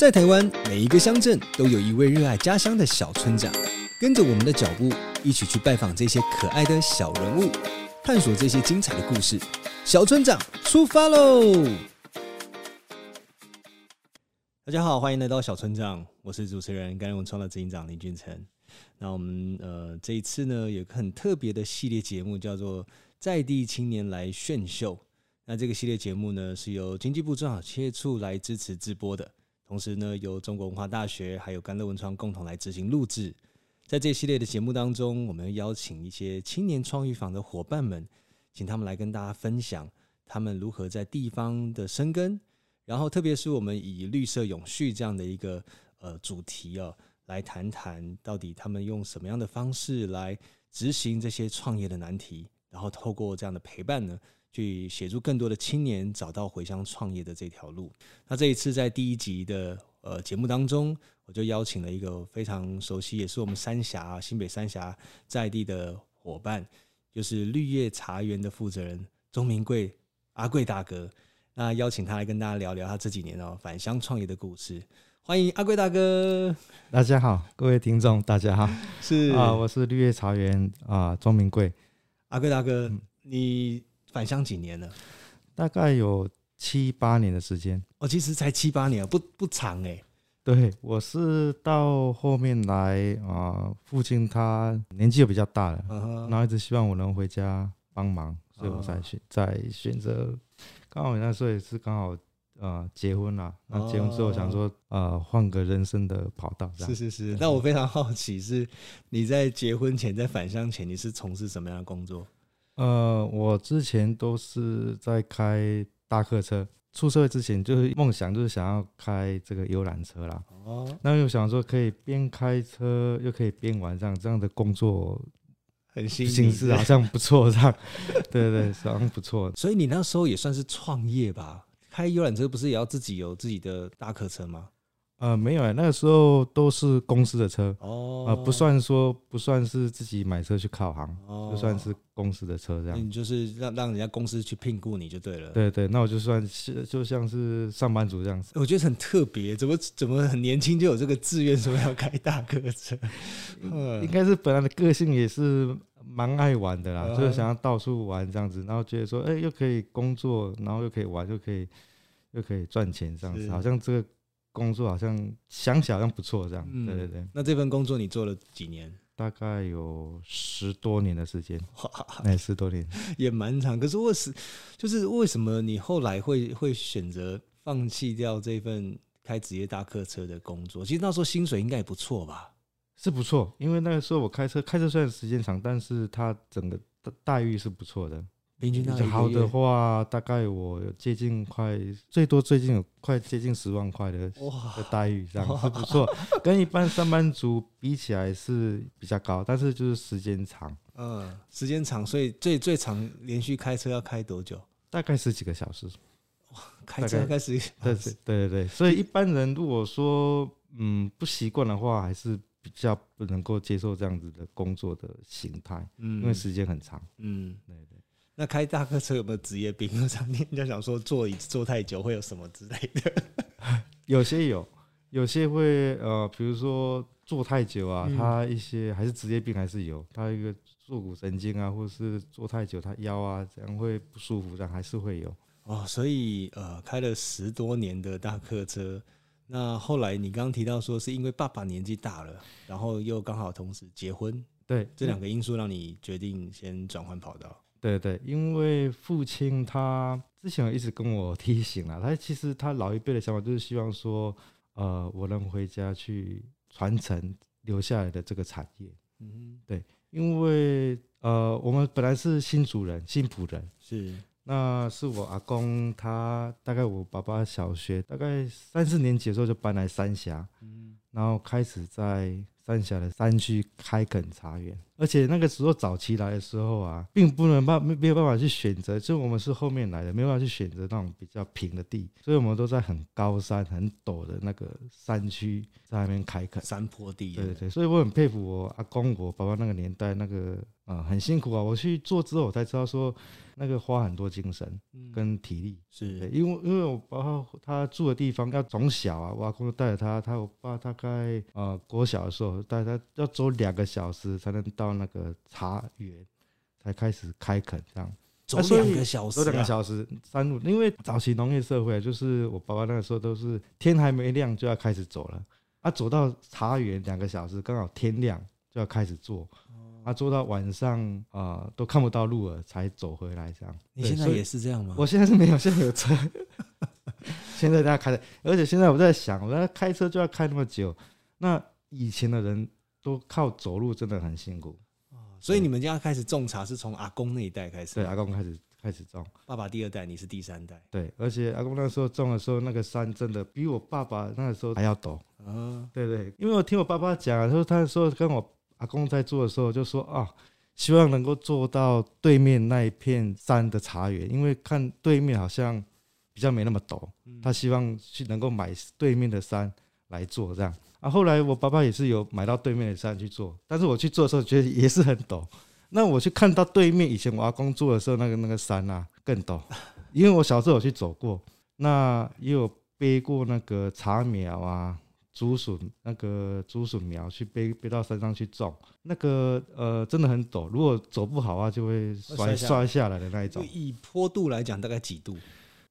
在台灣，每一個鄉鎮都有一位熱愛家鄉的小村長。跟着我們的腳步，一起去拜訪這些可愛的小人物，探索這些精彩的故事。小村長出發嘍！大家好，歡迎來到小村長，我是主持人，甘樂文創的執行長林俊成。那我們呃，這一次呢有個很特別的系列節目，叫做在地青年來炫秀。那這個系列節目呢是由經濟部中小企業處來支持直播的。同時呢，由中國文化大學還有甘樂文創共同來執行錄製。在這系列的節目當中，我們邀請一些青年創育坊的伙伴們，請他們來跟大家分享他們如何在地方的生根，然後特別是我們以綠色永續這樣的一個呃主題啊、哦，來談談到底他們用什麼樣的方式來執行這些創業的難題，然後透過這樣的陪伴呢，去協助更多的青年找到回鄉創業的這條路。那這一次在第一集的呃節目當中，我就邀請了一個非常熟悉，也是我們三峽新北三峽在地的夥伴，就是綠葉茶園的負責人鍾明貴阿貴大哥。那邀請他來跟大家聊聊他這幾年哦返鄉創業的故事。歡迎阿貴大哥。大家好，各位聽眾大家好。是啊、呃，我是綠葉茶園啊鍾明貴阿貴大哥，嗯、你。返鄉幾年了？大概有七八年的時間。哦，其實才七八年，不不長哎、欸。對，我是到後面來啊、呃，父親他年紀又比較大了，啊、哈然後一直希望我能回家幫忙，所以我才選、啊、在選擇。剛好那時候也是剛好啊、呃，結婚了。那結婚之後想說啊，換、呃、個人生的跑道。是是是。但對 我非常好奇，是你在結婚前，在返鄉前，你是從事什麼樣的工作？呃，我之前都是在開大客車。出社會之前就是夢想，就是想要開這個遊覽車啦。哦，那又想說可以邊開車又可以邊玩，這樣這樣的工作很形式好像不錯，這樣很新鮮的對，對對對，好像 不錯。所以你那時候也算是創業吧？開遊覽車不是也要自己有自己的大客車嗎？呃，沒有哎、欸，那個時候都是公司的車，哦、呃，不算說不算是自己買車去靠行，哦、就算是公司的車這樣。你、嗯、就是讓讓人家公司去聘雇你就對了。對，對對，那我就算是就像是上班族這樣子。我覺得很特別，怎麼怎麼很年輕就有這個志願說要開大客車？呃、 嗯，應該是本來的個性也是蠻愛玩的啦，嗯、就是想要到處玩這樣子，然後覺得說，哎、欸，又可以工作，然後又可以玩，又可以又可以賺錢這樣子，是好像這個。工作好像想起好像不錯這樣，嗯、對對對。那這份工作你做了幾年？大概有十多年的時間，那哇、欸、十多年也蠻長。可是為什，就是為什麼你後來會會選擇放棄掉這份開職業大客車的工作？其實那時候薪水應該也不錯吧？是不錯，因為那個時候我開車開車雖然時間長，但是它整個待遇是不錯的。好的話，嗯、大概我有接近快最多最近有快接近十萬塊的的待遇，這樣很哇不錯，哇跟一般上班族比起來是比較高，但是就是時間長。嗯，時間長，所以最最長連續開車要開多久？大概十幾個小時。開車開十幾個小時對對對對，所以一般人如果說嗯不習慣的話，還是比較不能夠接受這樣子的工作的形態，嗯、因為時間很長。嗯，對，對對。那開大客車有沒有職業病啊？常聽人家講說坐椅子坐太久會有什麼之類的，有些有，有些會呃，比如說坐太久啊，嗯，他一些還是職業病還是有，他有一個坐骨神經啊，或者是坐太久他腰啊這樣會不舒服，這樣還是會有哦。所以呃，開了十多年的大客車，那後來你剛剛提到說是因為爸爸年紀大了，然後又剛好同時結婚，對，這兩個因素讓你決定先轉換跑道。對對，因為父親他之前一直跟我提醒了，他其實他老一輩的想法就是希望說，呃，我能回家去傳承留下來的這個產業。嗯哼對，因為呃，我們本來是新竹人、新埔人，是，那是我阿公他，他大概我爸爸小學大概三四年級的時候就搬來三峽，嗯、然後開始在。山下的山區開墾茶園，而且那個時候早期來的時候啊，並不能辦沒沒有辦法去選擇，就我們是後面來的，沒辦法去選擇那種比較平的地，所以我們都在很高山、很陡的那個山區在那邊開墾山坡地。對對對，所以我很佩服我阿公、我爸爸那個年代那個。啊、呃，很辛苦啊！我去做之後，我才知道說那個花很多精神跟體力，嗯、是因為因為我爸爸他住的地方要從小啊，我阿公帶着他，他我爸他大概呃國小的時候帶他要走兩個小時才能到那個茶園，才開始開墾這樣。走兩個小時啊、啊，走兩個小時山路，因為早期農業社會就是我爸爸那個時候都是天還沒亮就要開始走了，他、啊、走到茶園兩個小時，剛好天亮就要開始做。他、啊、坐到晚上啊、呃，都看不到路了，才走回來。這樣，你現在也是這樣嗎？我現在是沒有，現在有車， 現在大家開的。而且現在我在想，我在開車就要開那麼久，那以前的人都靠走路，真的很辛苦，哦。所以你們家開始種茶是從阿公那一代開始？對，阿公開始開始種。爸爸第二代，你是第三代。對，而且阿公那時候種的時候，那個山真的比我爸爸那時候還要陡。啊、哦，對，對對，因為我聽我爸爸講，啊，他說他說跟我。阿公在做的時候就說啊，希望能夠做到對面那一片山的茶園，因為看對面好像比較沒那麼陡，他希望去能夠買對面的山來做這樣。啊，後來我爸爸也是有買到對面的山去做，但是我去做的時候覺得也是很陡。那我去看到對面以前我阿公做的時候那個那個山啊更陡，因為我小時候有去走過，那也有背過那個茶苗啊。竹筍那個竹筍苗去背，背到山上去種，那個呃真的很陡，如果走不好啊就會摔摔、哦、下，下來的那一種。以坡度來講，大概幾度？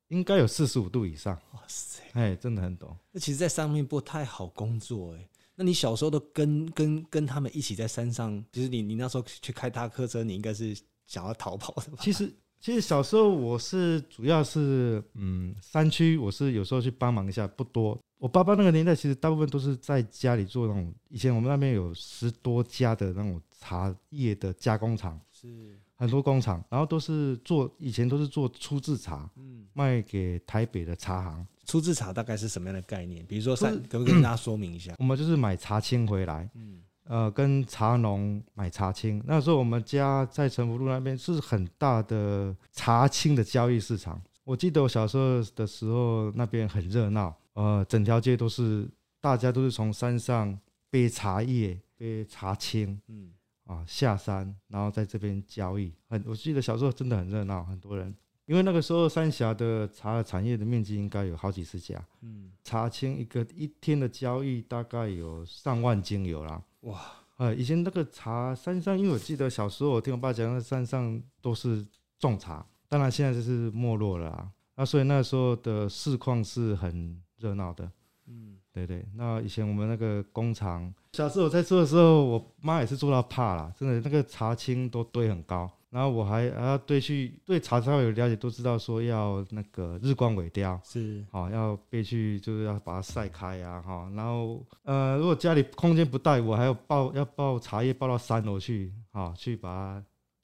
應該有四十五度以上。哇塞，哎、欸，真的很陡。那其實，在上面不太好工作哎、欸。那你小時候都跟跟跟他們一起在山上，就是你你那時候去開大客車，你應該是想要逃跑的吧？其實。其實小時候我是主要是嗯，山區，我是有時候去幫忙一下，不多。我爸爸那個年代，其實大部分都是在家裡做那種。以前我們那邊有十多家的那種茶葉的加工廠，是很多工廠，然後都是做，以前都是做粗制茶，嗯，賣給台北的茶行。粗制茶大概是什麼樣的概念？比如說三，不是，可不可以跟大家說明一下咳咳？我們就是買茶青回來。嗯呃，跟茶農買茶青。那時候我們家在成福路那邊是很大的茶青的交易市場。我記得我小時候的時候，那邊很熱鬧，呃，整條街都是大家都是從山上背茶葉、背茶青，嗯，啊下山，然後在這邊交易。很，我記得小時候真的很熱鬧，很多人，因為那個時候三峽的茶的產業的面積應該有好幾十家，嗯，茶青一個一天的交易大概有上萬斤有啦。哇，呃，以前那個茶山上，因為我記得小時候我聽我爸講，那山上都是種茶，當然現在就是沒落了啊。那所以那時候的市況是很熱鬧的，嗯，對，對對。那以前我們那個工廠，小時候我在做的時候，我媽也是做到怕了，真的那個茶青都堆很高。然後我還啊對去對茶稍微有了解，都知道說要那個日光萎凋是好、哦、要被去就是要把它曬開啊哈、哦、然後呃如果家裡空間不大，我還要抱要抱茶葉抱到三樓去啊、哦、去把它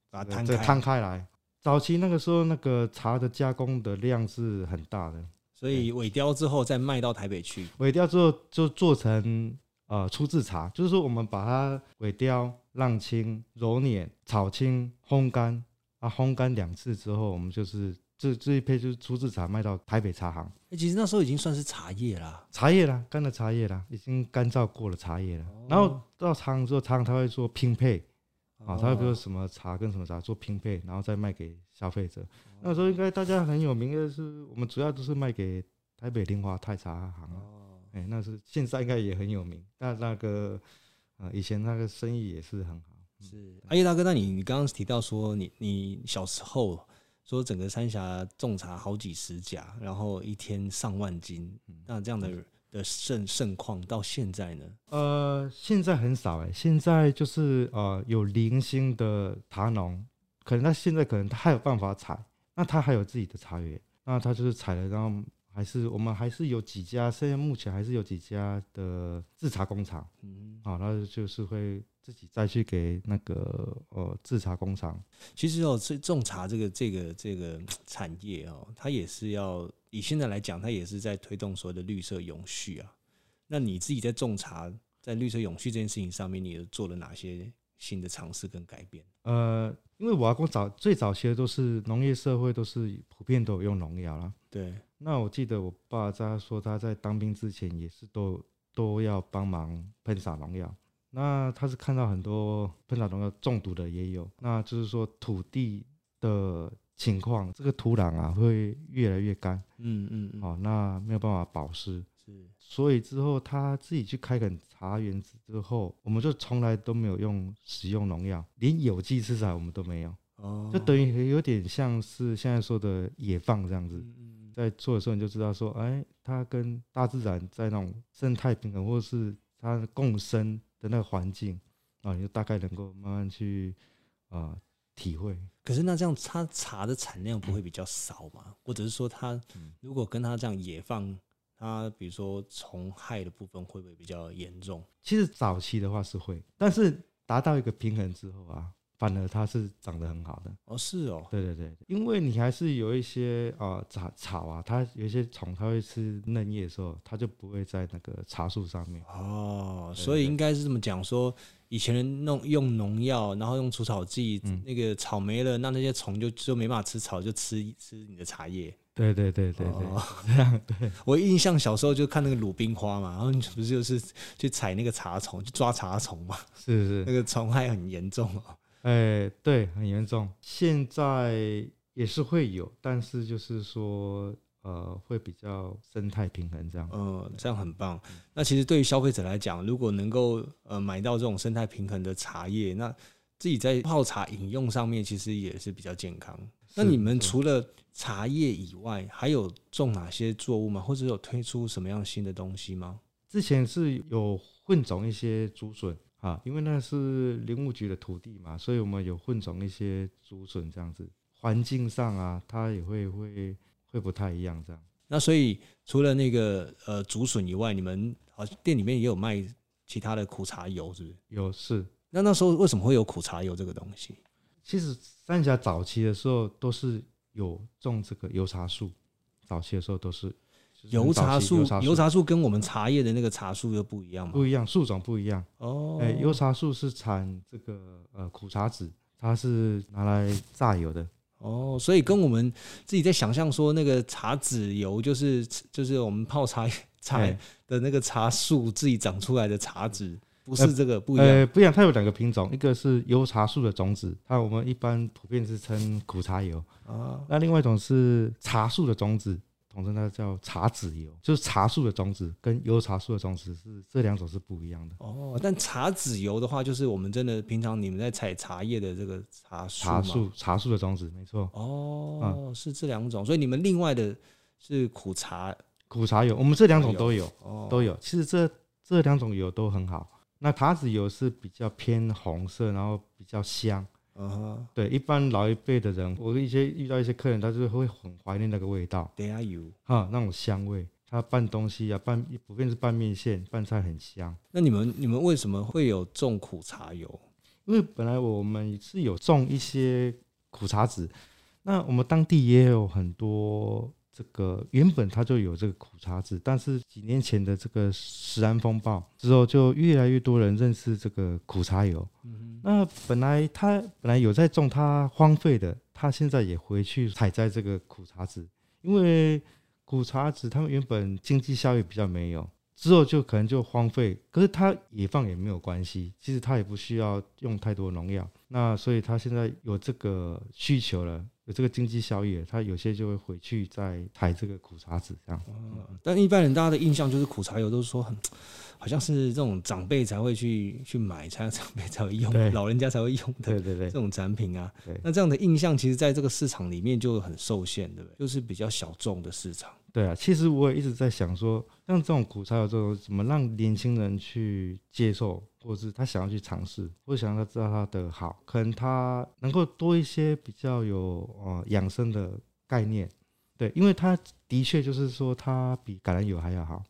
把它攤開，攤開來。早期那個時候那個茶的加工的量是很大的，所以萎凋之後再賣到台北去，萎凋之後就做成。呃，初製茶就是說，我們把它萎凋、浪青、揉捻、炒青、烘乾啊，烘乾兩次之後，我們就是這這一批就是初製茶賣到台北茶行，欸。其實那時候已經算是茶葉啦，茶葉啦，乾的茶葉啦，已經乾燥過了茶葉了。哦、然後到茶行之後，茶行他會做拼配啊，他、哦、會比如說什麼茶跟什麼茶做拼配，然後再賣給消費者。哦、那個時候應該大家很有名的是，哦、我們主要都是賣給台北林華泰茶行，啊。哦哎，那是現在應該也很有名，但那個啊、呃，以前那個生意也是很好。是阿葉、嗯啊，大哥，那你你剛剛提到說你，你你小時候說整個三峽種茶好幾十家，然後一天上萬斤，嗯、那這樣的對 的盛盛況到現在呢？呃，現在很少哎、欸，現在就是呃有零星的茶農，可能他現在可能他還有辦法採，那他還有自己的茶園，那他就是採了然後。還是我們還是有幾家，現在目前還是有幾家的製茶工廠，嗯，好、哦，那就是會自己再去給那個呃製茶工廠。其實哦，這種茶這個這個這個產業哦，它也是要以現在來講，它也是在推動所有的綠色永續啊。那你自己在種茶，在綠色永續這件事情上面，你有做了哪些新的嘗試跟改變？呃，因為我阿公早最早其實都是農業社會，都是普遍都有用農藥啦，對。那我記得我爸在說，他在當兵之前也是都都要幫忙噴灑農藥。那他是看到很多噴灑農藥中毒的也有，那就是說土地的情況，這個土壤啊會越來越乾，嗯，嗯嗯，好、哦，那沒有辦法保濕，是所以之後他自己去開墾茶園子之後，我們就從來都沒有用使用農藥，連有機食材我們都沒有，哦，就等於有點像是現在說的野放這樣子。嗯嗯在做的時候你就知道說，哎、欸，它跟大自然在那種生態平衡或者是它共生的那個環境，然後、啊、你就大概能夠慢慢去啊、呃、體會。可是那這樣它茶的產量不會比較少嗎？嗯、或者是說它如果跟它這樣野放，它比如說蟲害的部分會不會比較嚴重？其實早期的話是會，但是達到一個平衡之後啊。反而它是長得很好的哦。是哦？對對對，因為你還是有一些啊雜、呃、草，草啊，它有一些蟲，它會吃嫩葉的時候，它就不會在那個茶樹上面哦。對對對，所以應該是這麼講說，說以前人弄用農藥，然後用除草劑。嗯、那個草沒了，那那些蟲就就沒辦法吃草，就吃吃你的茶葉。對對對對對。哦、這樣對我印象小時候就看那個魯冰花嘛，然後你不是就是去採那個茶蟲，去抓茶蟲嘛，是不是，那個蟲害很嚴重哦。哎、欸，對，很嚴重。現在也是會有，但是就是說，呃，會比較生態平衡這樣。嗯、呃，這樣很棒。那其實對於消費者來講，如果能夠呃買到這種生態平衡的茶葉，那自己在泡茶飲用上面其實也是比較健康。那你們除了茶葉以外，還有種哪些作物嗎？或者有推出什麼樣新的東西嗎？之前是有混種一些竹筍。啊，因為那是林務局的土地嘛，所以我們有混種一些竹筍這樣子，環境上啊，它也會會會不太一樣這樣。那所以除了那個呃竹筍以外，你們啊店裡面也有賣其他的苦茶油，是不是？有，是。那那時候為什麼會有苦茶油這個東西？其實三峽早期的時候都是有種這個油茶樹，早期的時候都是。油茶樹，油茶樹跟我們茶葉的那個茶樹又不一樣嘛？不一樣，樹種不一樣。哦、欸，油茶樹是產這個呃苦茶籽，它是拿來榨油的。哦，所以跟我們自己在想象說那個茶籽油，就是就是我們泡茶採的那個茶樹自己長出來的茶籽，欸，不是這個不一樣，欸欸？不一樣，它有兩個品種，一個是油茶樹的種子，那我們一般普遍是稱苦茶油啊。那，哦、另外一種是茶樹的種子。統稱它叫茶籽油，就是茶樹的種子跟油茶樹的種子是這兩種是不一樣的。哦，但茶籽油的話，就是我們真的平常你們在採茶葉的這個茶茶樹茶樹的種子，沒錯。哦，嗯、是這兩種，所以你們另外的是苦茶苦茶油，我們這兩種都有，哦、都有。其實這這兩種油都很好。那茶籽油是比較偏紅色，然後比較香。啊，uh huh. 對，一般老一輩的人，我一些遇到一些客人，他就會很懷念那個味道，茶油，哈，那種香味，他拌東西啊，拌普遍是拌麵線，拌菜很香。那你們你們為什麼會有種苦茶油？因為本來我們是有種一些苦茶籽，那我們當地也有很多。這個原本他就有這個苦茶籽，但是幾年前的這個食安風暴之後，就越來越多人認識這個苦茶油。嗯、哼那本來他本來有在種，他荒廢的，他現在也回去採摘這個苦茶籽，因為苦茶籽他們原本經濟效益比較沒有，之後就可能就荒廢。可是它野放也沒有關係，其實它也不需要用太多農藥。那所以他現在有這個需求了。有這個經濟效益，他有些就會回去再採這個苦茶籽這樣子，嗯嗯。但一般人大家的印象就是苦茶油都是說很，好像是這種長輩才會去去買，才長輩才會用，對對對對老人家才會用的這種產品啊。那這樣的印象，其實在這個市場裡面就很受限，對不對？就是比較小眾的市場。對啊，其實我也一直在想說，像這種苦茶油這種，怎麼讓年輕人去接受？或是他想要去嘗試，或者想要知道它的好，可能他能夠多一些比較有呃養生的概念，對，因為他的確就是說它比橄欖油還要好，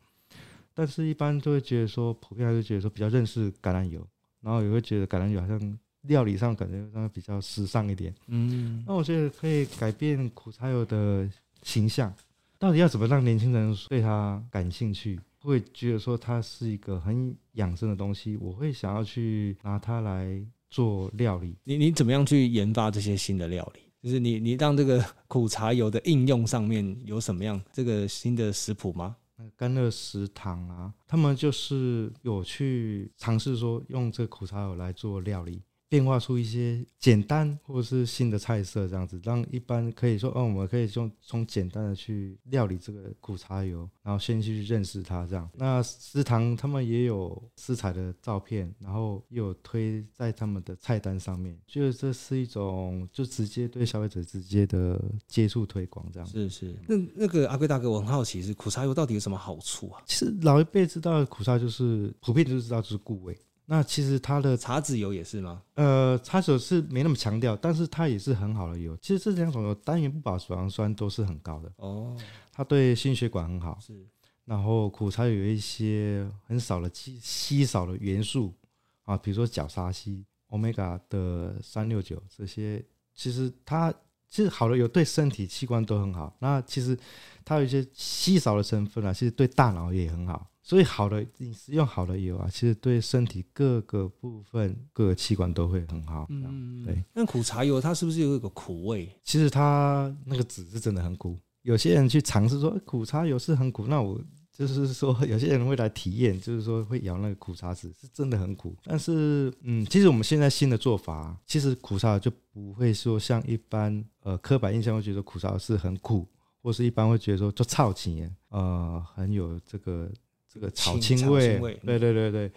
但是一般都會覺得說，普遍還是覺得說比較認識橄欖油，然後也會覺得橄欖油好像料理上感覺上比較時尚一點，嗯，那我覺得可以改變苦茶油的形象，到底要怎麼讓年輕人對他感興趣？會覺得說它是一個很養生的東西，我會想要去拿它來做料理。你你怎麼樣去研發這些新的料理？就是你你當這個苦茶油的應用上面有什麼樣這個新的食譜嗎？甘樂食堂啊，他們就是有去嘗試說用這個苦茶油來做料理。變化出一些簡單或者是新的菜色，這樣子讓一般可以說，嗯，我們可以用從簡單的去料理這個苦茶油，然後先去認識它，這樣。那食堂他們也有食材的照片，然後也有推在他們的菜單上面，就是這是一種就直接對消費者直接的接觸推廣，這樣。是是，那那個阿貴大哥，我很好奇是苦茶油到底有什麼好處啊？其實老一輩知道的苦茶就是普遍就知道就是顧胃。那其實它的茶籽油也是嗎？呃，茶籽是沒那麼強調，但是它也是很好的油。其實這兩種油單元不飽和脂肪酸都是很高的哦，它對心血管很好。是然後苦茶有一些很少的稀稀少的元素啊，比如說角鯊烯、Omega 的三六九這些，其實它。其實好的油對身體器官都很好，那其實它有一些稀少的成分啊，其實對大腦也很好。所以好的，食用好的油啊，其實對身體各個部分、各個器官都會很好。嗯，對。那苦茶油它是不是有一個苦味？其實它那個籽是真的很苦。有些人去嘗試說，欸，苦茶油是很苦，那我。就是說，有些人會來體驗，就是說會咬那個苦茶籽，是真的很苦。但是，嗯，其實我們現在新的做法，其實苦茶就不會說像一般呃刻板印象會覺得苦茶是很苦，或是一般會覺得說做炒青，呃，很有這個這個炒青味。青青味對對對對，嗯、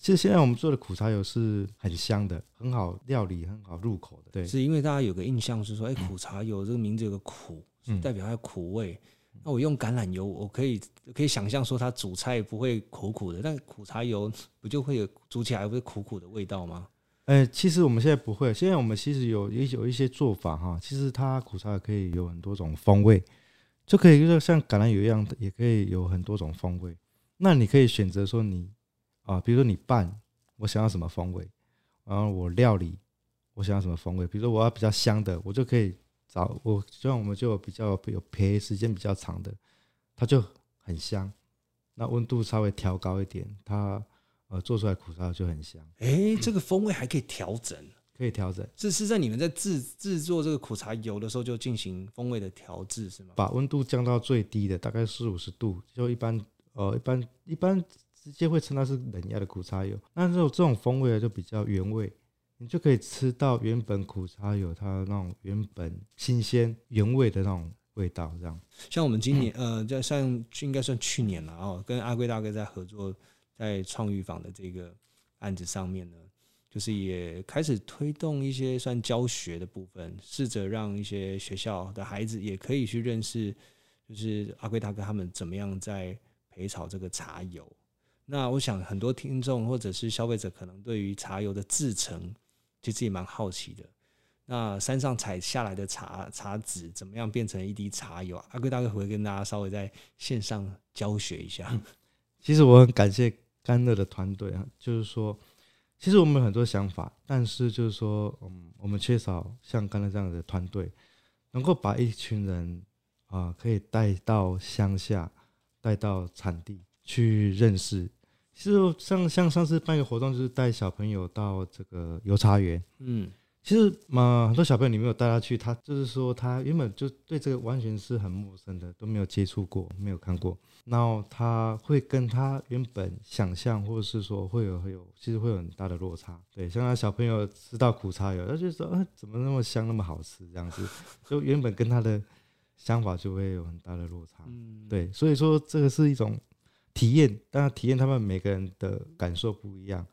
其實現在我們做的苦茶油是很香的，很好料理，很好入口的。對，是因為大家有個印象是說，哎，苦茶油這個名字有個苦，代表它的苦味。嗯那我用橄欖油，我可以可以想象說它煮菜不會苦苦的，但苦茶油不就會有煮起來會苦苦的味道嗎？誒、欸，其實我們現在不會，現在我們其實有也有一些做法哈，其實它苦茶也可以有很多種風味，就可以就是像橄欖油一樣，也可以有很多種風味。那你可以選擇說你啊，比如說你拌，我想要什麼風味，然後我料理，我想要什麼風味，比如說我要比較香的，我就可以。早，我就像我們就比較有，有陪時間比較長的，它就很香。那溫度稍微調高一點，它呃做出來的苦茶就很香。誒、欸，這個風味還可以調整，可以調整。是是在你們在制制作這個苦茶油的時候就進行風味的調製是嗎？把溫度降到最低的，大概四五十度，就一般呃一般一般直接會稱它是冷壓的苦茶油。那這種這種風味啊就比較原味。你就可以吃到原本苦茶油它那種原本新鮮原味的那種味道，這樣。像我們今年，嗯、呃，像應該算去年了啊，跟阿貴大哥在合作，在創育坊的這個案子上面呢，就是也開始推動一些算教學的部分，試着讓一些學校的孩子也可以去認識，就是阿貴大哥他們怎麼樣在焙炒這個茶油。那我想很多聽眾或者是消費者可能對於茶油的製程，其實也蠻好奇的，那山上採下來的茶茶籽怎麼樣變成一滴茶油啊？阿貴大哥會跟大家稍微在線上教學一下。其實我很感謝甘樂的團隊啊，就是說，其實我們有很多想法，但是就是說，嗯，我們缺少像甘樂這樣子的團隊，能夠把一群人啊、呃，可以帶到鄉下，帶到產地去認識。其實像像上次辦一個活動，就是帶小朋友到這個油茶園。嗯，其實嘛，很多小朋友你沒有帶他去，他就是說他原本就對這個完全是很陌生的，都沒有接觸過，沒有看過。然後他會跟他原本想象，或者是說會有會有，其實會有很大的落差。對，像他小朋友吃到苦茶油，他就說啊，哎，怎麼那麼香，那麼好吃這樣子，就原本跟他的想法就會有很大的落差。嗯，對，所以說這個是一種。體驗當然，但體驗他們每個人的感受不一樣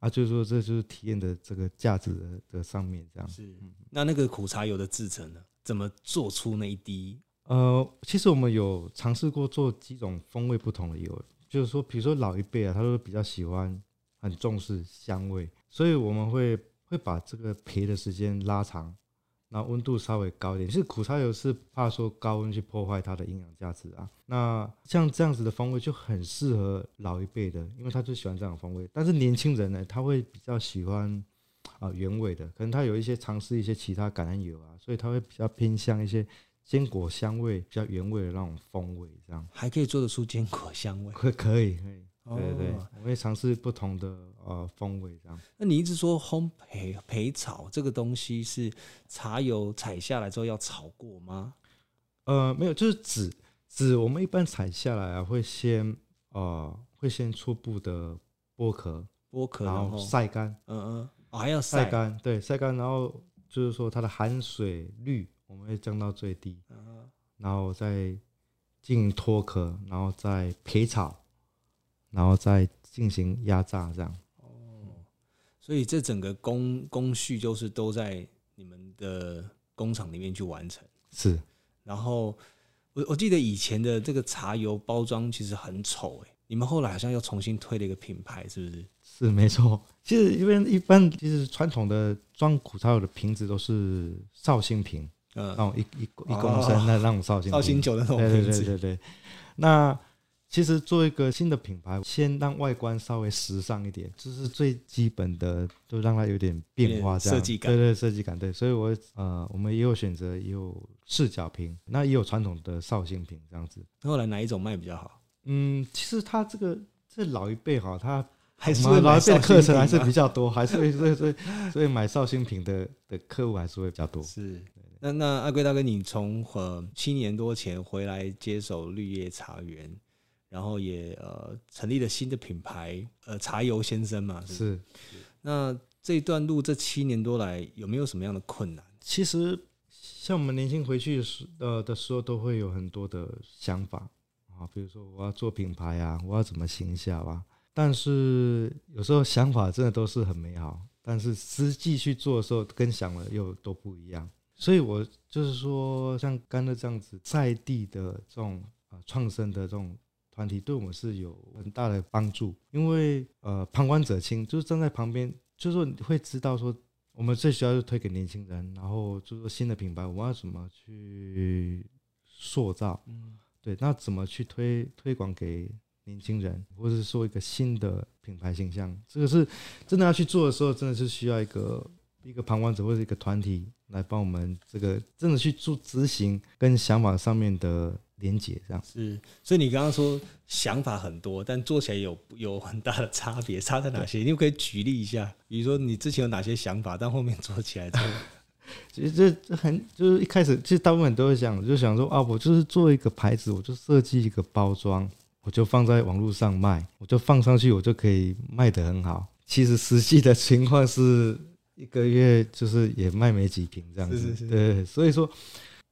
啊，就是說，這就是體驗的這個價值的的、這個、上面這樣。是，那那個苦茶油的製程呢，怎麼做出那一滴？呃，其實我們有嘗試過做幾種風味不同的油，就是說，比如說老一輩啊，他都比較喜歡，很重視香味，所以我們會會把這個焙的時間拉長。那溫度稍微高一點，其實苦茶油是怕說高溫去破壞它的營養價值啊。那像這樣子的風味就很適合老一輩的，因為他就喜歡這樣的風味。但是年輕人呢，他會比較喜歡啊原味的，可能他有一些嘗試一些其他橄欖油啊，所以他會比較偏向一些堅果香味、比較原味的那種風味這樣。還可以做得出堅果香味？會可以，可以。對，對對，哦、我會嘗試不同的呃風味這樣。那你一直說烘焙焙炒這個東西是茶油採下來之後要炒過嗎？呃，沒有，就是籽籽我們一般採下來啊，會先呃會先初步的剝殼剝殼，然後，然後曬乾。嗯嗯，哦、還要曬，曬乾？對，曬乾，然後就是說它的含水率我們會降到最低，嗯、哼然後再進行脫殼，然後再焙炒。然後再進行壓榨，這樣、嗯。哦，所以這整個工工序就是都在你們的工廠裡面去完成。是。然後我我記得以前的這個茶油包裝其實很醜、欸，誒。你們後來好像又重新推了一個品牌，是不是？是，沒錯。其實因為一般就是傳統的裝苦茶油的瓶子都是紹興瓶，呃、嗯。那種一一一公升那那種紹興、哦、紹興酒的那種瓶子對，對對對對對。那。其實做一個新的品牌，先讓外觀稍微時尚一點，這、就是最基本的，就讓它有點變化，這樣設計感，對對，設計感對。所以我，我呃，我們也有選擇，也有視角瓶，那也有傳統的紹興瓶，這樣子。後來哪一種賣比較好？嗯，其實它這個這老一輩哈，他還是買老一輩的課程還是比較多，還是會， 還是會所以所以，所以買紹興瓶的的客戶還是會比較多。是，對那那阿貴大哥，你從呃七年多前回來接手綠葉茶園。然後也呃成立了新的品牌，呃，茶油先生嘛。是，是是，那這段路這七年多來有沒有什麼樣的困難？其實像我們年輕回去時呃的時候，呃、時候都會有很多的想法啊，比如說我要做品牌啊，我要怎麼形象啊。但是有時候想法真的都是很美好，但是實際去做的時候跟想了又都不一樣。所以我就是說，像剛才這樣子在地的這種啊、呃，創生的這種。團體對我們是有很大的幫助，因為呃，旁觀者清，就是站在旁邊，就是說你會知道說我們最需要就推給年輕人，然後就是說新的品牌，我們要怎麼去塑造，嗯，對，那怎麼去推推廣給年輕人，或者是說一個新的品牌形象，這個是真的要去做的時候，真的是需要一個一個旁觀者或者一個團體來幫我們這個真的去做執行跟想法上面的。連接這樣是，所以你剛剛說想法很多，但做起來有有很大的差別，差在哪些？對你可以舉例一下，比如說你之前有哪些想法，但後面做起來，其實這很就是一開始，其實大部分都會想，就想說啊、哦，我就是做一個牌子，我就設計一個包裝，我就放在網絡上賣，我就放上去，我就可以賣得很好。其實實際的情況是一個月就是也賣沒幾瓶這樣子，是是是是對，所以說。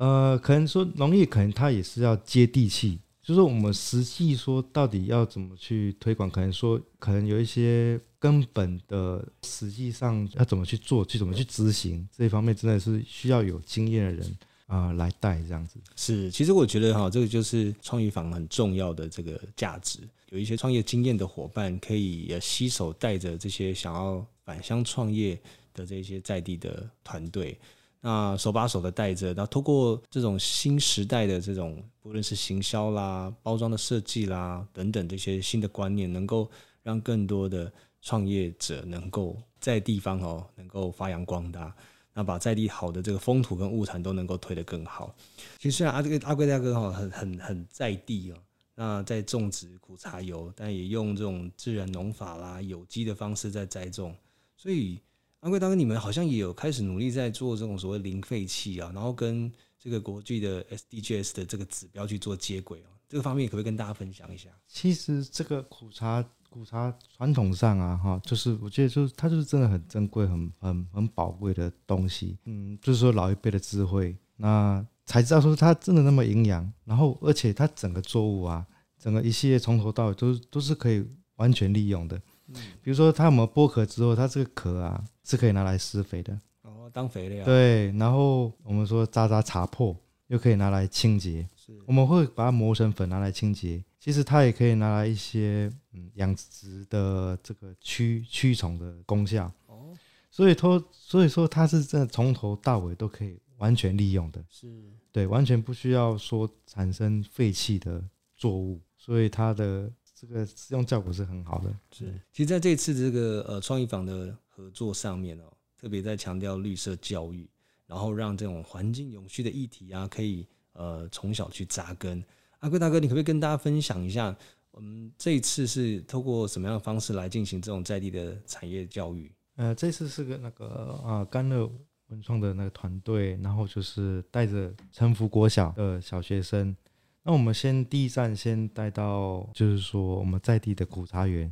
呃，可能說農業，可能它也是要接地氣，就是說我們實際說到底要怎麼去推廣，可能說可能有一些根本的，實際上要怎麼去做，去怎麼去執行這一方面，真的是需要有經驗的人啊、呃、來帶這樣子。是，其實我覺得哈、哦，這個就是創業坊很重要的這個價值，有一些創業經驗的夥伴可以也攜手帶着這些想要返鄉創業的這些在地的團隊。那手把手的帶着，那透過這種新時代的這種，不論是行銷啦、包裝的設計啦等等這些新的觀念，能夠讓更多的創業者能夠在地方哦、喔，能夠發揚光大，那把在地好的這個風土跟物產都能夠推得更好。其實啊，阿這個阿貴大哥哈，很很很在地哦、喔，那在種植苦茶油，但也用這種自然農法啦、有機的方式在栽種，所以。明貴大哥，當你們好像也有開始努力在做這種所謂零廢棄啊，然後跟這個國際的 SDGs 的這個指標去做接軌哦、啊。這個方面可不可以跟大家分享一下？其實這個苦茶，苦茶傳統上啊，哈，就是我覺得就是它就是真的很珍貴、很很很寶貴的東西。嗯，就是說老一輩的智慧，那才知道說它真的那麼營養，然後而且它整個作物啊，整個一系列從頭到尾都是都是可以完全利用的。嗯、比如說它我們剝殼之後，它這個殼啊。是可以拿來施肥的哦，當肥料對，然後我們說渣渣茶粕又可以拿來清潔，是我們會把它磨成粉拿來清潔。其實它也可以拿來一些嗯養殖的這個驅驅蟲的功效哦，所以說，所以說它是真的從頭到尾都可以完全利用的，是，對，完全不需要說產生廢棄的作物，所以它的這個使用效果是很好的。是，其實在這次的這個呃創意坊的。合作上面哦，特別在強調綠色教育，然後讓這種環境永續的議題啊，可以呃從小去扎根。阿貴大哥，你可不可以跟大家分享一下，我、嗯、們這一次是通過什麼樣的方式來進行這種在地的產業教育？呃，這次是個那個啊，甘、呃、樂文創的那個團隊，然後就是帶着成福國小的小學生，那我們先第一站先帶到就是說我們在地的古茶園，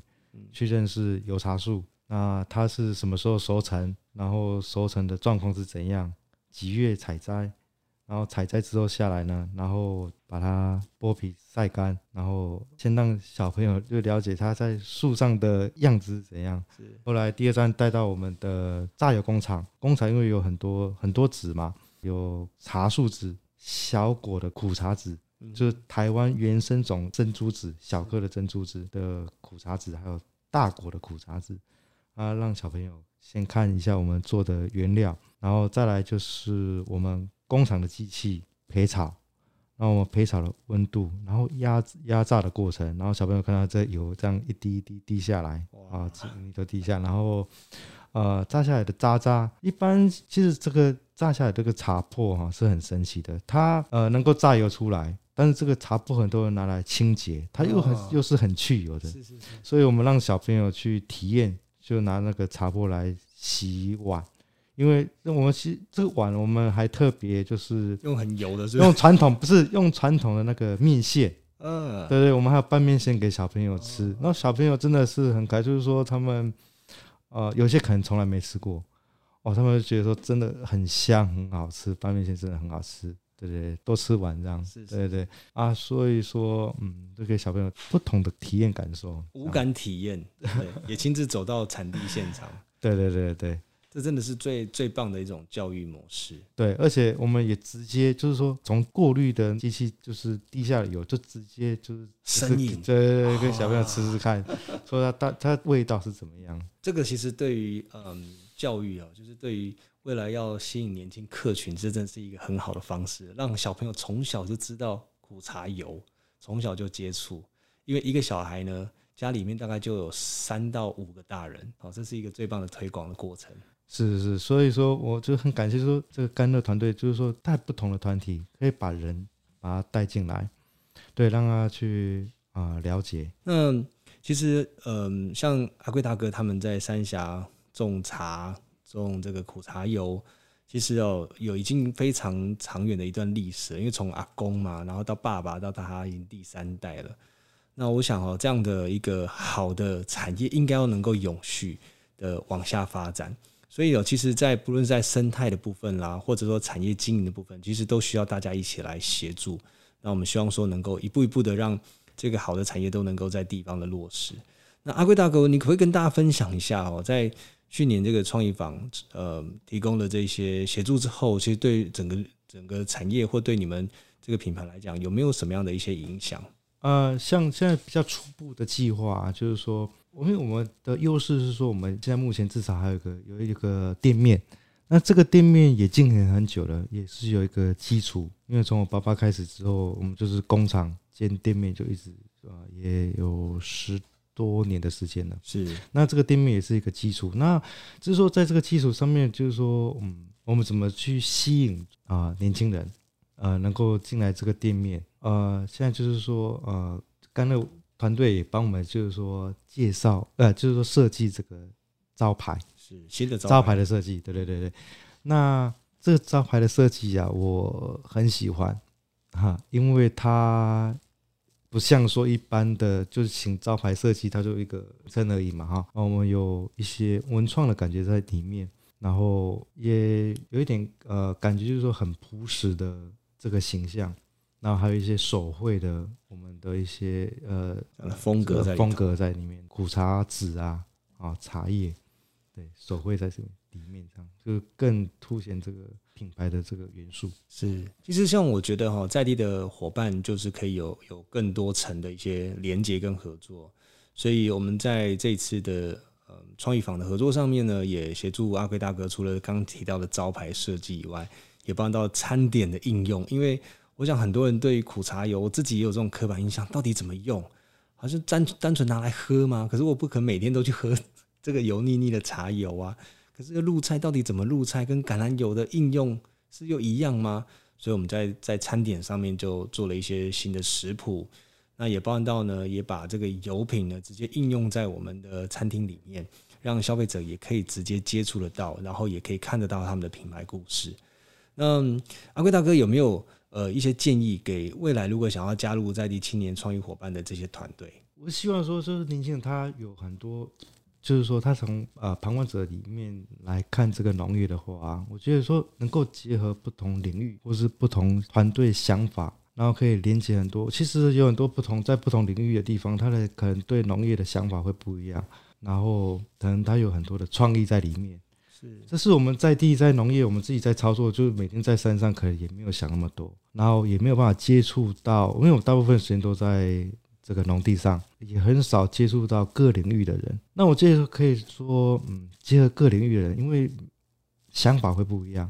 去認識油茶樹。啊，它是什麼時候收成？然後收成的狀況是怎樣？幾月採摘？然後採摘之後下來呢？然後把它剝皮曬乾，然後先讓小朋友就了解它在樹上的樣子是怎樣。是後來第二站帶到我們的榨油工廠，工廠因為有很多很多籽嘛，有茶樹籽、小果的苦茶籽，嗯、就是台灣原生種珍珠籽、小顆的珍珠籽的苦茶籽，還有大果的苦茶籽。啊，讓小朋友先看一下我們做的原料，然後再來就是我們工廠的機器焙炒，然後我們焙炒的溫度，然後壓壓榨的過程，然後小朋友看到這油這樣一滴一滴滴下來哇啊，都滴下，然後呃榨下來的渣渣，一般其實這個榨下來的這個茶粕哈、啊、是很神奇的，它呃能夠榨油出來，但是這個茶粕很多人拿來清潔，它又很、哦、又是很去油的，是是是，所以我們讓小朋友去體驗。就拿那個茶布來洗碗，因為我們洗這個碗，我們還特別就是用很油的，用傳統不是用傳統的那個麵線，嗯，對，對對，我們還有拌麵線給小朋友吃，那小朋友真的是很可愛，就是說他們，呃，有些可能從來沒吃過，哦，他們就覺得說真的很香，很好吃，拌麵線真的很好吃。對對,對多吃完這樣，是是對對啊，所以說，嗯，都給小朋友不同的體驗感受，五感體驗，也親自走到產地現場， 對對對對,對,對這真的是最最棒的一種教育模式。對，而且我們也直接就是說，從過濾的機器就是滴下油，就直接就是生飲影，這給、哦啊、小朋友吃吃看， 說他他它,它味道是怎麼樣？這個其實對於嗯教育啊，就是對於。未來要吸引年輕客群，這真是一個很好的方式，讓小朋友從小就知道苦茶油，從小就接觸。因為一個小孩呢，家裡面大概就有三到五個大人，好，這是一個最棒的推廣的過程。是是是，所以說我就很感謝說這個甘樂團隊，就是說帶不同的團體，可以把人把他帶進來，對，讓他去啊了解。那其實嗯，像阿貴大哥他們在三峽種茶。種這個苦茶油，其實哦有已經非常長遠的一段歷史，因為從阿公嘛，然後到爸爸，到他已經第三代了。那我想哦，這樣的一個好的產業應該要能夠永續的往下發展。所以哦，其實，在不論在生態的部分啦，或者說產業經營的部分，其實都需要大家一起來協助。那我們希望說，能夠一步一步的讓這個好的產業都能夠在地方的落實。那阿貴大哥，你可不可以跟大家分享一下哦？在去年這個創意坊呃提供了這些協助之後，其實對整個整個產業或對你們這個品牌來講，有沒有什麼樣的一些影響？呃，像現在比較初步的計劃啊，就是說，因為我們的優勢是說，我們現在目前至少還有一個有一個店面，那這個店面也經營很久了，也是有一個基礎。因為從我爸爸開始之後，我們就是工廠兼店面，就一直是吧，也有十。多年的時間了，是。那這個店面也是一個基礎。那就是說，在這個基礎上面，就是說，嗯，我們怎麼去吸引啊、呃、年輕人，呃，能夠進來這個店面？呃，現在就是說，呃，剛才團隊也幫我們就是說介紹，呃，就是說設計這個招牌，是新的招牌，招牌的設計，對對對對。那這個招牌的設計呀、啊，我很喜歡，哈、啊，因為它。不像說一般的，就是請招牌設計，它就一個在那裡嘛，哈、哦。那我們有一些文創的感覺在裡面，然後也有一點呃，感覺就是說很樸實的這個形象，然後還有一些手繪的我們的一些呃風格在風格在裡面，苦茶籽啊，啊茶葉，對，手繪在這裡面，這樣就更凸顯這個。品牌的這個元素是。其實像我覺得哈、喔，在地的夥伴就是可以有有更多層的一些連接跟合作，所以我們在這次的呃、創意坊的合作上面呢，也協助阿貴大哥，除了剛提到的招牌設計以外，也幫到餐點的應用。因為我想很多人對於苦茶油，我自己也有這種刻板印象，到底怎麼用？好像單單純拿來喝嗎？可是我不可能每天都去喝這個油膩膩的茶油啊。可是這個入菜到底怎麼入菜？跟橄欖油的應用是又一樣嗎？所以我們在在餐點上面就做了一些新的食譜，那也包含到呢，也把這個油品呢直接應用在我們的餐廳裡面，讓消費者也可以直接接觸得到，然後也可以看得到他們的品牌故事。那阿貴大哥有沒有呃一些建議給未來如果想要加入在地青年創育夥伴的這些團隊？我希望說，說年輕人他有很多。就是說，他從呃旁觀者裡面來看這個農業的話，我覺得說能夠結合不同領域或是不同團隊想法，然後可以連接很多。其實有很多不同在不同領域的地方，他的可能對農業的想法會不一樣，然後可能他有很多的創意在裡面。是，這是我們在地在農業，我們自己在操作，就是每天在山上，可能也沒有想那麼多，然後也沒有辦法接觸到，因為我們大部分時間都在。這個農地上也很少接觸到各領域的人，那我這時候可以說，嗯，結合各領域的人，因為想法會不一樣，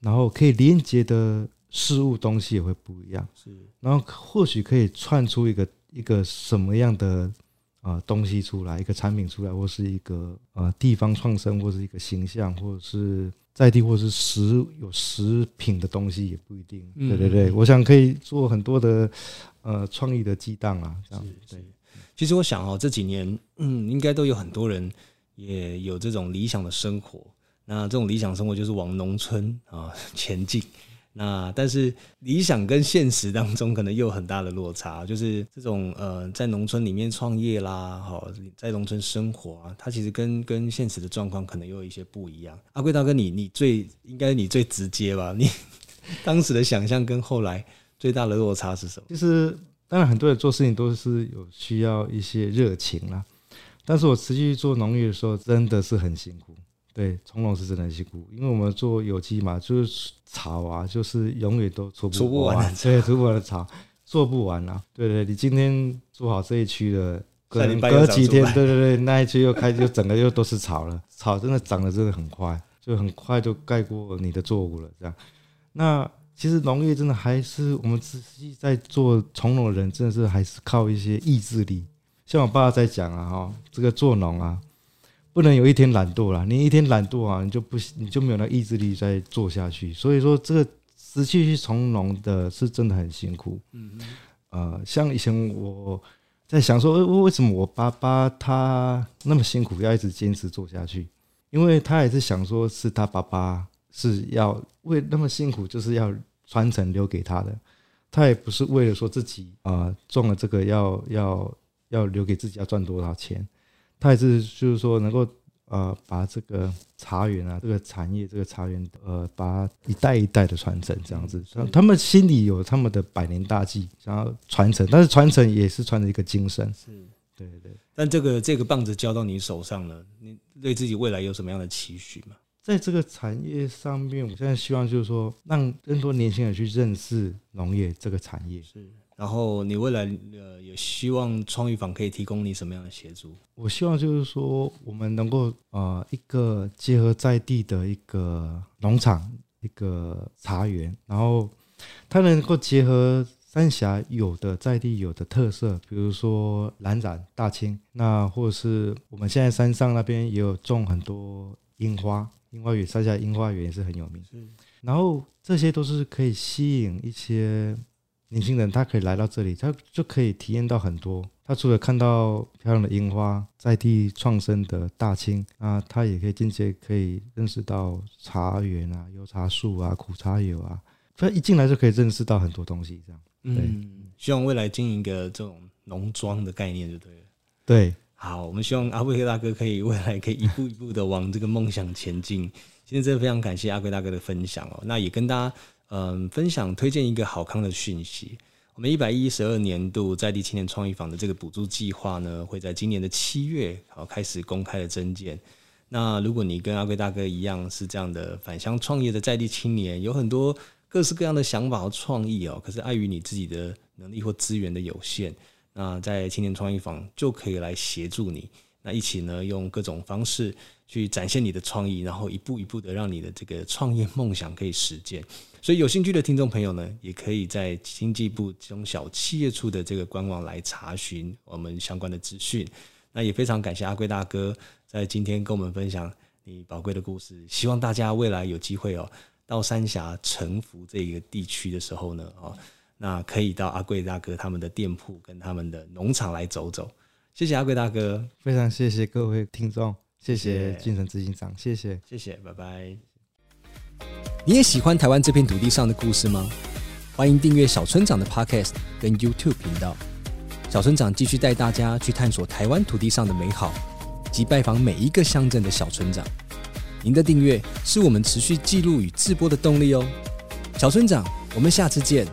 然後可以連接的事物東西也會不一樣，是，然後或許可以串出一個一個什麼樣的啊、呃、東西出來，一個產品出來，或是一個啊、呃、地方創生，或是一個形象，或者是在地，或是食有食品的東西也不一定，嗯、對對對，我想可以做很多的。呃，創意的激盪啊，這樣子是對。其實我想哦，這幾年嗯，應該都有很多人也有這種理想的生活。那這種理想生活就是往農村啊前進。那但是理想跟現實當中可能又有很大的落差，就是這種呃，在農村裡面創業啦，在農村生活啊，它其實跟跟現實的狀況可能又有一些不一樣。阿貴大哥你，你你最應該你最直接吧？你 當時的想象跟後來。最大的落差是什麼？就是當然很多人做事情都是有需要一些熱情啦、啊。但是我持續做農業的時候，真的是很辛苦。對，從農是真的很辛苦，因為我們做有機嘛，就是草啊，就是永遠都除不完，對，除不完的草，做不完啦、 啊。對對，你今天做好這一區的，隔隔幾天， 對對對，那一區又開始，又整個又都是草了。 草真的長得真的很快，就很快就蓋過你的作物了。這樣，那。其實農業真的還是我們自己在做從農的人，真的是還是靠一些意志力。像我爸爸在講啊，哈，這個做農啊，不能有一天懶惰了。你一天懶惰啊，你就不你就沒有那意志力再做下去。所以說，這個持續去從農的是真的很辛苦，呃。嗯，像以前我在想說，為為什麼我爸爸他那麼辛苦要一直堅持做下去？因為他也是想說，是他爸爸。是要為那麼辛苦，就是要傳承留給他的。他也不是為了說自己啊、呃、種了這個要要要留給自己要賺多少錢，他也是就是說能夠啊、呃，把這個茶園啊，這個產業這個茶園呃，把一代一代的傳承這樣子。他們心裡有他們的百年大計，想要傳承，但是傳承也是傳承一個精神。是，對對對。但這個這個棒子交到你手上了，你對自己未來有什麼樣的期許嗎？在這個產業上面，我現在希望就是說，讓更多年輕人去認識農業這個產業。是，然後你未來呃有希望，創意坊可以提供你什麼樣的協助？我希望就是說，我們能夠呃一個結合在地的一個農場，一個茶園，然後它能夠結合三峽有的在地有的特色，比如說藍染、大青，那或者是我們現在山上那邊也有種很多櫻花。櫻花雨，三峽櫻花園也是很有名。是然後這些都是可以吸引一些年輕人，他可以來到這裡，他就可以體驗到很多。他除了看到漂亮的櫻花，在地創生的大青啊，那他也可以間接可以認識到茶園啊、油茶樹啊、苦茶油啊，所以一進來就可以認識到很多東西。這樣，嗯，對希望未來經營一個這種農莊的概念就對了。對。好，我們希望阿貴大哥可以未來可以一步一步的往這個夢想前進。 今天真的非常感謝阿貴大哥的分享哦，那也跟大家嗯，分享推薦一個好康的訊息。我們一百一十二年度在地青年創育坊的這個補助計劃呢，會在今年的七月好、哦、開始公開的徵件。那如果你跟阿貴大哥一樣是這樣的返鄉創業的在地青年，有很多各式各樣的想法和創意哦，可是礙於你自己的能力或資源的有限。那在青年創意坊就可以來協助你，那一起呢，用各種方式，去展現你的創意，然後一步一步的讓你的這個創業夢想可以實現。所以有興趣的聽眾朋友呢，也可以在經濟部中小企業處的這個官網來查詢我們相關的資訊。那也非常感謝阿貴大哥在今天跟我們分享你寶貴的故事。希望大家未來有機會哦，到三峽、成福這個地區的時候呢，那可以到阿貴大哥他們的店鋪跟他們的農場來走走。謝謝阿貴大哥，非常謝謝各位聽眾，謝謝，謝，謝精神執行長，謝謝謝謝，拜拜。你也喜歡台灣這片土地上的故事嗎？歡迎訂閱小村長的 Podcast 跟 YouTube 頻道。小村長繼續帶大家去探索台灣土地上的美好及拜訪每一個鄉鎮的小村長。您的訂閱是我們持續記錄與製播的動力哦、喔。小村長，我們下次見。